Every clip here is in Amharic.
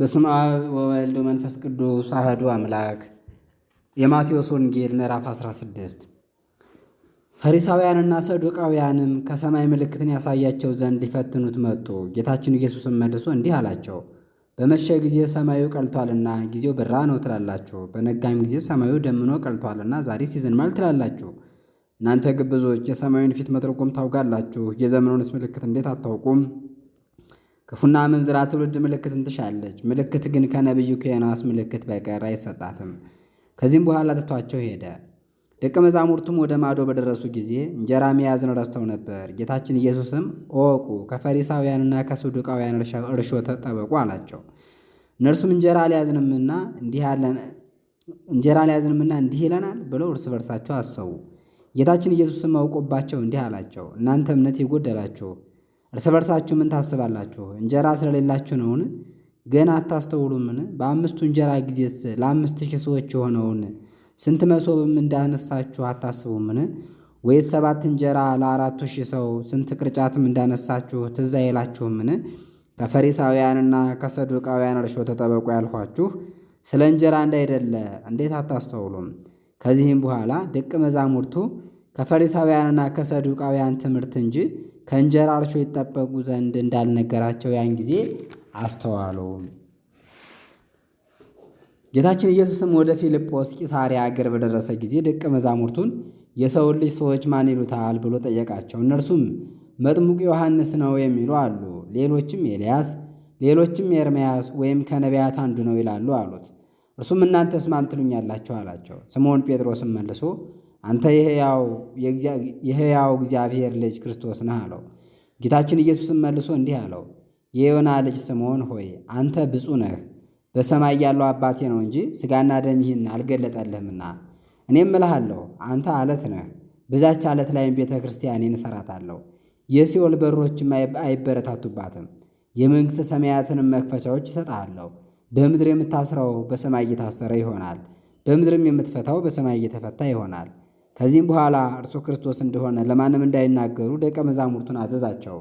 በስም አብ ወወልድ ወመንፈስ ቅዱስ አህዱ አምላክ። የማቴዎስ ወንጌል ምዕራፍ 16 ፈሪሳውያንና ሰዱቃውያንም ከሰማይ ምልክትን ያሳያቸው ዘንድ ሊፈትኑት መጡ። ጌታችን ኢየሱስም መልሶ እንዲህ አላቸው፣ በመሸ ጊዜ ሰማዩ ቀልቷልና ጊዜው ብራ ነው ትላላችሁ፣ በነጋም ጊዜ ሰማዩ ደምኖ ቀልቷልና ዛሬ ማል ትላላችሁ። እናንተ ግብዞች የሰማዩን ፊት መተርጎም ታውቃላችሁ፣ የዘመኑንስ ምልክት እንዴት አታውቁም? ክፉና አመንዝራ ትውልድ ምልክትን ትሻለች፣ ምልክት ግን ከነቢዩ ከዮናስ ምልክት በቀር አይሰጣትም። ከዚህም በኋላ ትቷቸው ሄደ። ደቀ መዛሙርቱም ወደ ማዶ በደረሱ ጊዜ እንጀራ መያዝን ረስተው ነበር። ጌታችን ኢየሱስም እወቁ፣ ከፈሪሳውያንና ከሰዱቃውያን እርሾ ተጠበቁ አላቸው። እነርሱም እንጀራ ሊያዝንምና እንጀራ ሊያዝንምና እንዲህ ይለናል ብለው እርስ በርሳቸው አሰቡ። ጌታችን ኢየሱስም አውቆባቸው እንዲህ አላቸው፣ እናንተ እምነት ይጎደላችሁ እርስ በርሳችሁ ምን ታስባላችሁ? እንጀራ ስለሌላችሁ ነውን? ገና አታስተውሉምን? በአምስቱ እንጀራ ጊዜስ ለአምስት ሺህ ሰዎች የሆነውን ስንት መሶብም እንዳነሳችሁ አታስቡምን? ወይስ ሰባት እንጀራ ለአራቱ ሺህ ሰው ስንት ቅርጫትም እንዳነሳችሁ ትዝ አይላችሁምን? ከፈሪሳውያንና ከሰዱቃውያን እርሾ ተጠበቁ ያልኋችሁ ስለ እንጀራ እንዳይደለ እንዴት አታስተውሉም? ከዚህም በኋላ ደቀ መዛሙርቱ ከፈሪሳውያንና ከሰዱቃውያን ትምህርት እንጂ ከእንጀራ እርሾ ይጠበቁ ዘንድ እንዳልነገራቸው ያን ጊዜ አስተዋሉ። ጌታችን ኢየሱስም ወደ ፊልጶስ ቂሳሪያ አገር በደረሰ ጊዜ ደቀ መዛሙርቱን የሰውን ልጅ ሰዎች ማን ይሉታል ብሎ ጠየቃቸው። እነርሱም መጥምቁ ዮሐንስ ነው የሚሉ አሉ፣ ሌሎችም ኤልያስ፣ ሌሎችም ኤርምያስ ወይም ከነቢያት አንዱ ነው ይላሉ አሉት። እርሱም እናንተስ ማን ትሉኛላችሁ አላቸው። ስምዖን ጴጥሮስም መልሶ አንተ የሕያው እግዚአብሔር ልጅ ክርስቶስ ነህ አለው። ጌታችን ኢየሱስም መልሶ እንዲህ አለው፣ የዮና ልጅ ስምዖን ሆይ አንተ ብፁ ነህ፣ በሰማይ ያለው አባቴ ነው እንጂ ሥጋና ደም ይህን አልገለጠልህምና። እኔም እልሃለሁ አንተ አለት ነህ፣ በዛች አለት ላይም ቤተ ክርስቲያኔን እሠራታለሁ፣ የሲኦል በሮችም አይበረታቱባትም። የመንግሥተ ሰማያትንም መክፈቻዎች ይሰጥሃለሁ። በምድር የምታስረው በሰማይ እየታሰረ ይሆናል፣ በምድርም የምትፈታው በሰማይ እየተፈታ ይሆናል። ከዚህም በኋላ እርሱ ክርስቶስ እንደሆነ ለማንም እንዳይናገሩ ደቀ መዛሙርቱን አዘዛቸው።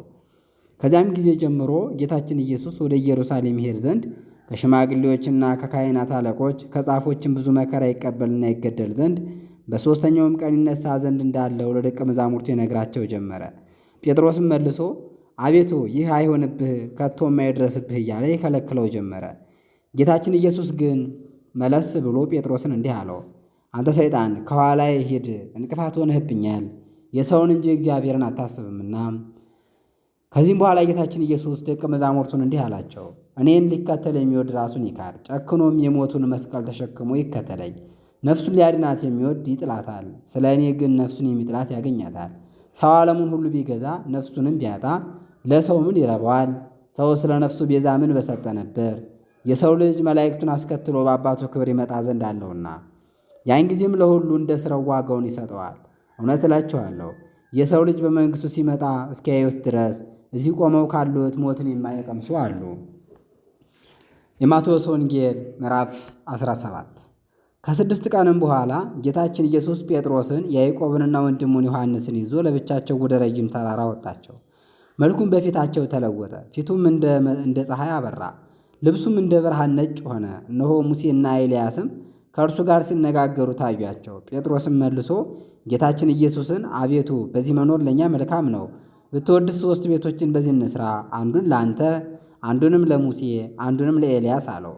ከዚያም ጊዜ ጀምሮ ጌታችን ኢየሱስ ወደ ኢየሩሳሌም ይሄድ ዘንድ ከሽማግሌዎችና ከካህናት አለቆች ከጻፎችን ብዙ መከራ ይቀበልና ይገደል ዘንድ በሦስተኛውም ቀን ይነሳ ዘንድ እንዳለው ለደቀ መዛሙርቱ ይነግራቸው ጀመረ። ጴጥሮስም መልሶ አቤቱ ይህ አይሆንብህ ከቶ የማይደረስብህ እያለ ይከለክለው ጀመረ። ጌታችን ኢየሱስ ግን መለስ ብሎ ጴጥሮስን እንዲህ አለው፣ አንተ ሰይጣን ከኋላ ሂድ፣ እንቅፋት ሆነህብኛል፣ የሰውን እንጂ እግዚአብሔርን አታስብምና። ከዚህም በኋላ ጌታችን ኢየሱስ ደቀ መዛሙርቱን እንዲህ አላቸው፣ እኔን ሊከተል የሚወድ ራሱን ይካድ፣ ጨክኖም የሞቱን መስቀል ተሸክሞ ይከተለኝ። ነፍሱን ሊያድናት የሚወድ ይጥላታል፣ ስለ እኔ ግን ነፍሱን የሚጥላት ያገኛታል። ሰው ዓለሙን ሁሉ ቢገዛ ነፍሱንም ቢያጣ ለሰው ምን ይረባዋል? ሰው ስለ ነፍሱ ቤዛ ምን በሰጠ ነበር? የሰው ልጅ መላእክቱን አስከትሎ በአባቱ ክብር ይመጣ ዘንድ አለውና። ያን ጊዜም ለሁሉ እንደ ሥራው ዋጋውን ይሰጠዋል። እውነት እላችኋለሁ የሰው ልጅ በመንግሥቱ ሲመጣ እስኪያዩት ድረስ እዚህ ቆመው ካሉት ሞትን የማይቀምሱ አሉ። የማቴዎስ ወንጌል ምዕራፍ 17 ከስድስት ቀንም በኋላ ጌታችን ኢየሱስ ጴጥሮስን ያዕቆብንና ወንድሙን ዮሐንስን ይዞ ለብቻቸው ወደ ረጅም ተራራ ወጣቸው። መልኩም በፊታቸው ተለወጠ፣ ፊቱም እንደ ፀሐይ አበራ፣ ልብሱም እንደ ብርሃን ነጭ ሆነ። እነሆ ሙሴና ኤልያስም ከእርሱ ጋር ሲነጋገሩ ታዩአቸው። ጴጥሮስም መልሶ ጌታችን ኢየሱስን አቤቱ፣ በዚህ መኖር ለእኛ መልካም ነው። ብትወድስ ሦስት ቤቶችን በዚህ ንስራ አንዱን ለአንተ፣ አንዱንም ለሙሴ፣ አንዱንም ለኤልያስ አለው።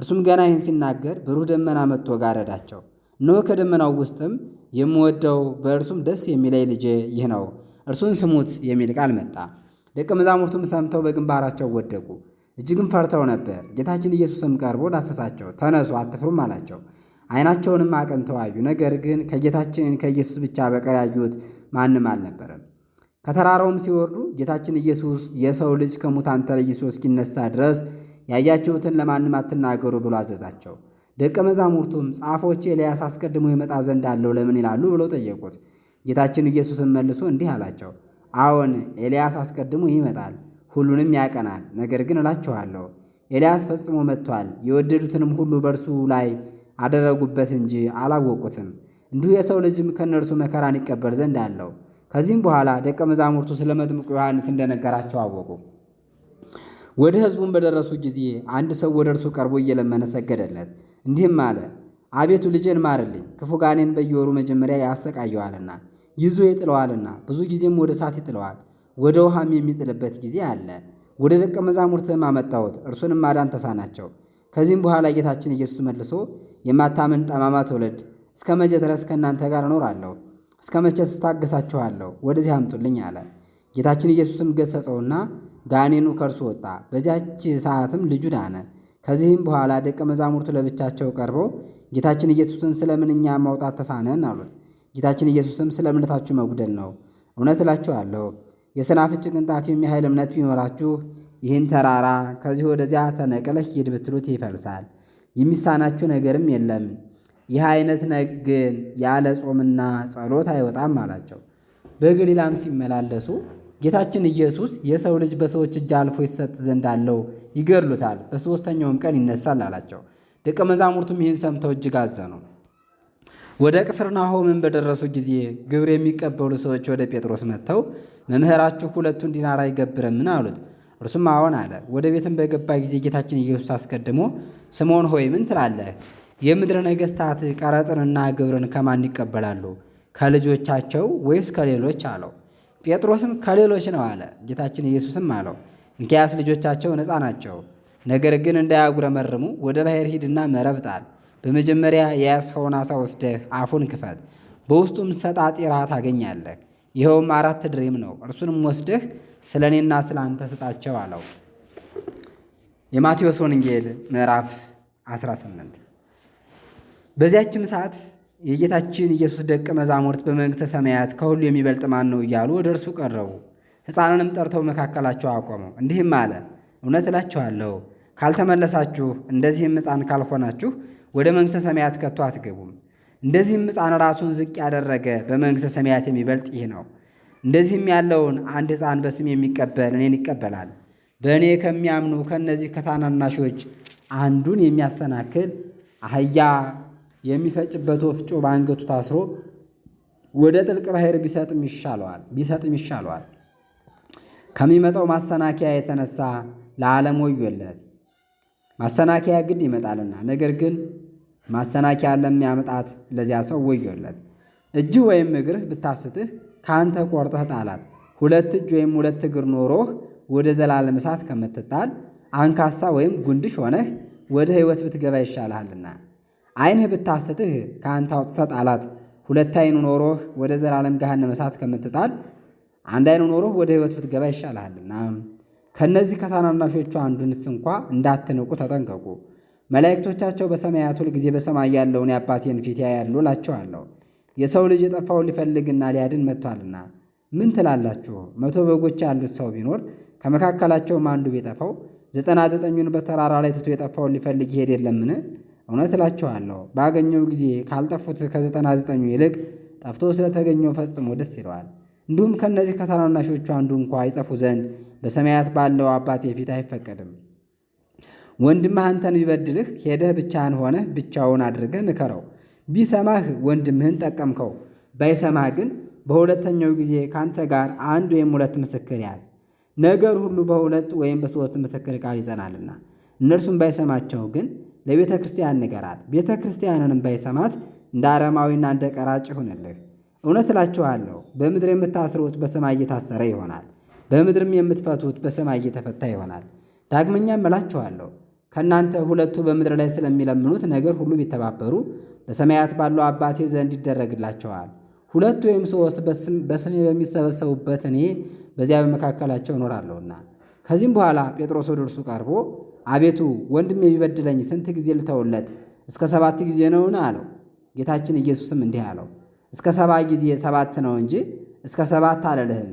እርሱም ገና ይህን ሲናገር ብሩህ ደመና መጥቶ ጋረዳቸው። እነሆ ከደመናው ውስጥም የምወደው በእርሱም ደስ የሚለይ ልጄ ይህ ነው፣ እርሱን ስሙት የሚል ቃል መጣ። ደቀ መዛሙርቱም ሰምተው በግንባራቸው ወደቁ፣ እጅግም ፈርተው ነበር። ጌታችን ኢየሱስም ቀርቦ ዳሰሳቸው። ተነሱ፣ አትፍሩም አላቸው። ዓይናቸውንም አቅንተው አዩ። ነገር ግን ከጌታችን ከኢየሱስ ብቻ በቀር ያዩት ማንም አልነበረም። ከተራራውም ሲወርዱ ጌታችን ኢየሱስ የሰው ልጅ ከሙታን ተለይሶ እስኪነሳ ድረስ ያያችሁትን ለማንም አትናገሩ ብሎ አዘዛቸው። ደቀ መዛሙርቱም ጻፎች ኤልያስ አስቀድሞ ይመጣ ዘንድ አለው ለምን ይላሉ ብለው ጠየቁት። ጌታችን ኢየሱስም መልሶ እንዲህ አላቸው፣ አዎን ኤልያስ አስቀድሞ ይመጣል፣ ሁሉንም ያቀናል። ነገር ግን እላችኋለሁ ኤልያስ ፈጽሞ መጥቷል፣ የወደዱትንም ሁሉ በእርሱ ላይ አደረጉበት እንጂ አላወቁትም። እንዲሁ የሰው ልጅም ከእነርሱ መከራን ይቀበል ዘንድ አለው። ከዚህም በኋላ ደቀ መዛሙርቱ ስለ መጥምቁ ዮሐንስ እንደነገራቸው አወቁ። ወደ ሕዝቡም በደረሱ ጊዜ አንድ ሰው ወደ እርሱ ቀርቦ እየለመነ ሰገደለት፣ እንዲህም አለ። አቤቱ ልጄን ማርልኝ፣ ክፉ ጋኔን በየወሩ መጀመሪያ ያሰቃየዋልና ይዞ ይጥለዋልና፣ ብዙ ጊዜም ወደ እሳት ይጥለዋል፣ ወደ ውሃም የሚጥልበት ጊዜ አለ። ወደ ደቀ መዛሙርትህም አመጣሁት፣ እርሱንም ማዳን ተሳናቸው ከዚህም በኋላ ጌታችን ኢየሱስ መልሶ የማታምን ጠማማ ትውልድ እስከ መቼ ድረስ ከእናንተ ጋር እኖራለሁ? እስከ መቼ ስታገሳችኋለሁ? ወደዚህ አምጡልኝ አለ። ጌታችን ኢየሱስም ገሰጸውና ጋኔኑ ከእርሱ ወጣ። በዚያች ሰዓትም ልጁ ዳነ። ከዚህም በኋላ ደቀ መዛሙርቱ ለብቻቸው ቀርበው ጌታችን ኢየሱስን ስለምን እኛ ማውጣት ተሳነን? አሉት። ጌታችን ኢየሱስም ስለ እምነታችሁ መጉደል ነው፣ እውነት እላችኋለሁ የሰናፍጭ ቅንጣት የሚያህል እምነት ቢኖራችሁ ይህን ተራራ ከዚህ ወደዚያ ተነቅለህ ሂድ ብትሉት ይፈልሳል፣ የሚሳናችሁ ነገርም የለም። ይህ አይነት ነግን ያለ ጾምና ጸሎት አይወጣም አላቸው። በገሊላም ሲመላለሱ ጌታችን ኢየሱስ የሰው ልጅ በሰዎች እጅ አልፎ ይሰጥ ዘንድ አለው፣ ይገድሉታል፣ በሦስተኛውም ቀን ይነሳል አላቸው። ደቀ መዛሙርቱም ይህን ሰምተው እጅግ አዘኑ። ወደ ቅፍርናሆምን በደረሱ ጊዜ ግብር የሚቀበሉ ሰዎች ወደ ጴጥሮስ መጥተው መምህራችሁ ሁለቱን ዲናር አይገብርምን? አሉት። እርሱም አዎን አለ። ወደ ቤትም በገባ ጊዜ ጌታችን ኢየሱስ አስቀድሞ ስምዖን ሆይ ምን ትላለህ? የምድረ ነገሥታት ቀረጥንና ግብርን ከማን ይቀበላሉ? ከልጆቻቸው ወይስ ከሌሎች አለው። ጴጥሮስም ከሌሎች ነው አለ። ጌታችን ኢየሱስም አለው እንኪያስ ልጆቻቸው ነፃ ናቸው። ነገር ግን እንዳያጉረመርሙ ወደ ባሕር ሂድና መረብ ጣል። በመጀመሪያ የያዝኸውን ዓሣ ወስደህ አፉን ክፈት፣ በውስጡም ሰጣጢራ ታገኛለህ። ይኸውም አራት ድሬም ነው። እርሱንም ወስደህ ስለ እኔና ስለ አንተ ስጣቸው አለው። የማቴዎስ ወንጌል ምዕራፍ 18 በዚያችም ሰዓት የጌታችን ኢየሱስ ደቀ መዛሙርት በመንግሥተ ሰማያት ከሁሉ የሚበልጥ ማን ነው እያሉ ወደ እርሱ ቀረቡ። ሕፃንንም ጠርተው መካከላቸው አቆመው፣ እንዲህም አለ፣ እውነት እላችኋለሁ ካልተመለሳችሁ እንደዚህም ሕፃን ካልሆናችሁ ወደ መንግሥተ ሰማያት ከቶ አትገቡም። እንደዚህም ሕፃን ራሱን ዝቅ ያደረገ በመንግሥተ ሰማያት የሚበልጥ ይህ ነው። እንደዚህም ያለውን አንድ ሕፃን በስም የሚቀበል እኔን ይቀበላል። በእኔ ከሚያምኑ ከእነዚህ ከታናናሾች አንዱን የሚያሰናክል አህያ የሚፈጭበት ወፍጮ በአንገቱ ታስሮ ወደ ጥልቅ ባሕር ቢሰጥም ይሻለዋል ቢሰጥም ይሻለዋል። ከሚመጣው ማሰናከያ የተነሳ ለዓለም ወዮለት። ማሰናከያ ግድ ይመጣልና፣ ነገር ግን ማሰናከያ ለሚያመጣት ለዚያ ሰው ወዮለት። እጅህ ወይም እግርህ ብታስትህ ከአንተ ቆርጠህ ጣላት። ሁለት እጅ ወይም ሁለት እግር ኖሮህ ወደ ዘላለም እሳት ከምትጣል አንካሳ ወይም ጉንድሽ ሆነህ ወደ ሕይወት ብትገባ ይሻልሃልና። ዓይንህ ብታስትህ ከአንተ አውጥተህ ጣላት። ሁለት ዓይኑ ኖሮህ ወደ ዘላለም ገሃነመ እሳት ከምትጣል አንድ ዓይኑ ኖሮህ ወደ ሕይወት ብትገባ ይሻልሃልና። ከእነዚህ ከታናናሾቹ አንዱንስ እንኳ እንዳትንቁ ተጠንቀቁ። መላእክቶቻቸው በሰማያት ሁል ጊዜ በሰማይ ያለውን የአባቴን ፊት ያያሉ እላቸዋለሁ። የሰው ልጅ የጠፋውን ሊፈልግና ሊያድን መጥቷልና ምን ትላላችሁ? መቶ በጎች ያሉት ሰው ቢኖር ከመካከላቸውም አንዱ ቢጠፋው ዘጠና ዘጠኙን በተራራ ላይ ትቶ የጠፋውን ሊፈልግ ይሄድ የለምን? እውነት እላችኋለሁ ባገኘው ጊዜ ካልጠፉት ከዘጠና ዘጠኙ ይልቅ ጠፍቶ ስለተገኘው ፈጽሞ ደስ ይለዋል። እንዲሁም ከእነዚህ ከታናናሾቹ አንዱ እንኳ ይጠፉ ዘንድ በሰማያት ባለው አባቴ ፊት አይፈቀድም። ወንድምህ አንተን ቢበድልህ ሄደህ ብቻህን ሆነህ ብቻውን አድርገህ ምከረው ቢሰማህ ወንድምህን ጠቀምከው፣ ባይሰማህ ግን በሁለተኛው ጊዜ ካንተ ጋር አንድ ወይም ሁለት ምስክር ያዝ። ነገር ሁሉ በሁለት ወይም በሦስት ምስክር ቃል ይጸናልና። እነርሱም ባይሰማቸው ግን ለቤተ ክርስቲያን ንገራት፣ ቤተ ክርስቲያንንም ባይሰማት እንደ አረማዊና እንደ ቀራጭ ይሁንልህ። እውነት እላችኋለሁ በምድር የምታስሩት በሰማይ እየታሰረ ይሆናል፣ በምድርም የምትፈቱት በሰማይ እየተፈታ ይሆናል። ዳግመኛም እላችኋለሁ ከእናንተ ሁለቱ በምድር ላይ ስለሚለምኑት ነገር ሁሉ ቢተባበሩ በሰማያት ባለው አባቴ ዘንድ ይደረግላቸዋል። ሁለት ወይም ሶስት በስሜ በሚሰበሰቡበት እኔ በዚያ በመካከላቸው እኖራለሁና። ከዚህም በኋላ ጴጥሮስ ወደ እርሱ ቀርቦ አቤቱ ወንድም ቢበድለኝ ስንት ጊዜ ልተውለት? እስከ ሰባት ጊዜ ነውን? አለው። ጌታችን ኢየሱስም እንዲህ አለው፣ እስከ ሰባ ጊዜ ሰባት ነው እንጂ እስከ ሰባት አልልህም።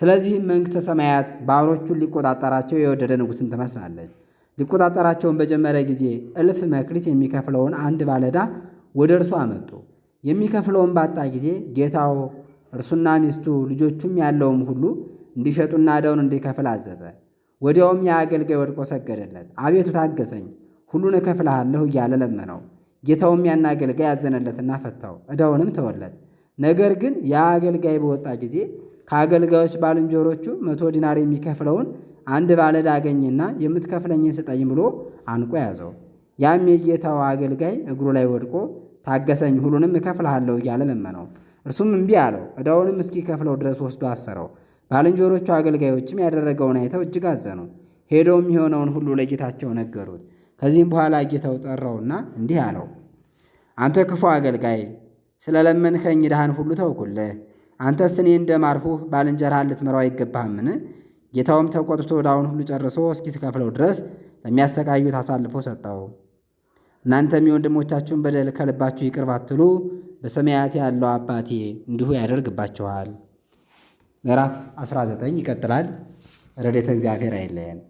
ስለዚህም መንግሥተ ሰማያት ባሮቹን ሊቆጣጠራቸው የወደደ ንጉሥን ትመስላለች። ሊቆጣጠራቸውን በጀመረ ጊዜ እልፍ መክሊት የሚከፍለውን አንድ ባለዕዳ ወደ እርሱ አመጡ። የሚከፍለውን ባጣ ጊዜ ጌታው እርሱና ሚስቱ ልጆቹም ያለውም ሁሉ እንዲሸጡና ዕዳውን እንዲከፍል አዘዘ። ወዲያውም የአገልጋይ ወድቆ ሰገደለት። አቤቱ ታገሰኝ፣ ሁሉን እከፍልሃለሁ እያለ ለመነው። ጌታውም ያን አገልጋይ ያዘነለትና ፈታው፣ ዕዳውንም ተወለት። ነገር ግን ያ አገልጋይ በወጣ ጊዜ ከአገልጋዮች ባልንጀሮቹ መቶ ዲናር የሚከፍለውን አንድ ባለዕዳ አገኘና የምትከፍለኝን ስጠኝ ብሎ አንቆ ያዘው። ያም የጌታው አገልጋይ እግሩ ላይ ወድቆ ታገሰኝ፣ ሁሉንም እከፍልሃለሁ እያለ ለመነው። እርሱም እምቢ አለው። ዕዳውንም እስኪከፍለው ድረስ ወስዶ አሰረው። ባልንጀሮቹ አገልጋዮችም ያደረገውን አይተው እጅግ አዘኑ። ሄደው የሚሆነውን ሁሉ ለጌታቸው ነገሩት። ከዚህም በኋላ ጌታው ጠራውና እንዲህ አለው፣ አንተ ክፉ አገልጋይ፣ ስለ ለመንከኝ ዕዳህን ሁሉ ተውኩልህ። አንተስ እኔ እንደማርሁህ ባልንጀራህን ልትመራው አይገባህምን? ጌታውም ተቆጥቶ ዕዳውን ሁሉ ጨርሶ እስኪከፍለው ድረስ ለሚያሰቃዩት አሳልፎ ሰጠው። እናንተም የወንድሞቻችሁን በደል ከልባችሁ ይቅር ባትሉ በሰማያት ያለው አባቴ እንዲሁ ያደርግባችኋል። ምዕራፍ 19 ይቀጥላል። ረድኤተ እግዚአብሔር አይለየን።